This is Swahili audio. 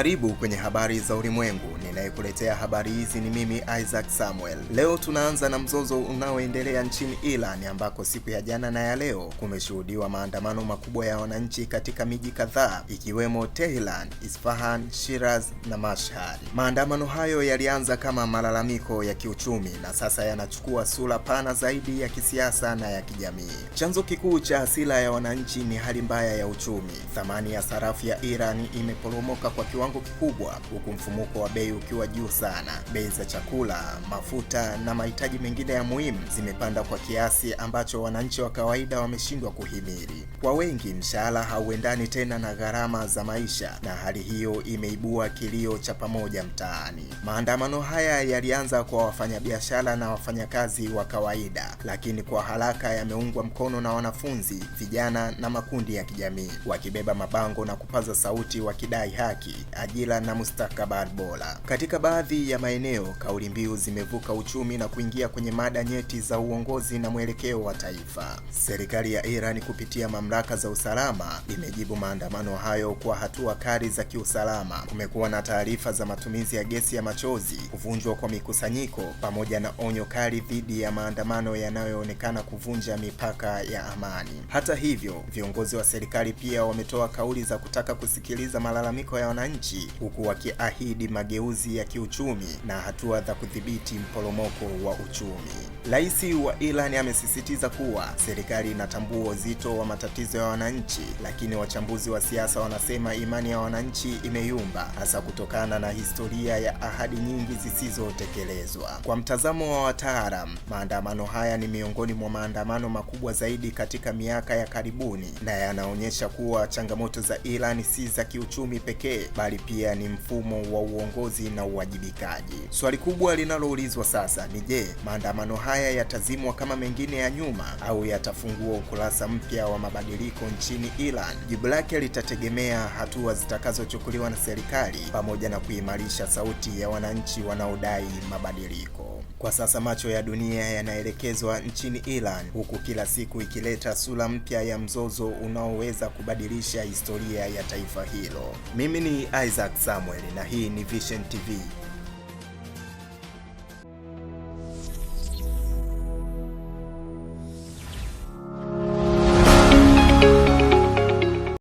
Karibu kwenye habari za ulimwengu. Ninayekuletea habari hizi ni mimi Isaac Samuel. Leo tunaanza na mzozo unaoendelea nchini Iran ambako siku ya jana na ya leo kumeshuhudiwa maandamano makubwa ya wananchi katika miji kadhaa ikiwemo Tehran, Isfahan, Shiraz na Mashhad. Maandamano hayo yalianza kama malalamiko ya kiuchumi na sasa yanachukua sura pana zaidi ya kisiasa na ya kijamii. Chanzo kikuu cha hasira ya wananchi ni hali mbaya ya uchumi. Thamani ya sarafu ya Iran imeporomoka kwa kiwango kiwango kikubwa, huku mfumuko wa bei ukiwa juu sana. Bei za chakula, mafuta na mahitaji mengine ya muhimu zimepanda kwa kiasi ambacho wananchi wa kawaida wameshindwa kuhimili. Kwa wengi, mshahara hauendani tena na gharama za maisha, na hali hiyo imeibua kilio cha pamoja mtaani. Maandamano haya yalianza kwa wafanyabiashara na wafanyakazi wa kawaida, lakini kwa haraka yameungwa mkono na wanafunzi, vijana na makundi ya kijamii, wakibeba mabango na kupaza sauti wakidai haki, ajira na mustakabali bora. Katika baadhi ya maeneo, kauli mbiu zimevuka uchumi na kuingia kwenye mada nyeti za uongozi na mwelekeo wa taifa. Serikali ya Iran kupitia mamlaka za usalama imejibu maandamano hayo kwa hatua kali za kiusalama. Kumekuwa na taarifa za matumizi ya gesi ya machozi, kuvunjwa kwa mikusanyiko, pamoja na onyo kali dhidi ya maandamano yanayoonekana kuvunja mipaka ya amani. Hata hivyo, viongozi wa serikali pia wametoa kauli za kutaka kusikiliza malalamiko ya wananchi nchi huku wakiahidi mageuzi ya kiuchumi na hatua za kudhibiti mporomoko wa uchumi. Rais wa Iran amesisitiza kuwa serikali inatambua uzito wa matatizo ya wananchi, lakini wachambuzi wa siasa wanasema imani ya wananchi imeyumba, hasa kutokana na historia ya ahadi nyingi zisizotekelezwa. Kwa mtazamo wa wataalam, maandamano haya ni miongoni mwa maandamano makubwa zaidi katika miaka ya karibuni na yanaonyesha kuwa changamoto za Iran si za kiuchumi pekee bali pia ni mfumo wa uongozi na uwajibikaji. Swali kubwa linaloulizwa sasa ni je, maandamano haya yatazimwa kama mengine ya nyuma au yatafungua ukurasa mpya wa mabadiliko nchini Iran? Jibu lake litategemea hatua zitakazochukuliwa na serikali pamoja na kuimarisha sauti ya wananchi wanaodai mabadiliko. Kwa sasa macho ya dunia yanaelekezwa nchini Iran, huku kila siku ikileta sura mpya ya mzozo unaoweza kubadilisha historia ya taifa hilo. Mimi ni Isaac Samuel na hii ni Vision TV.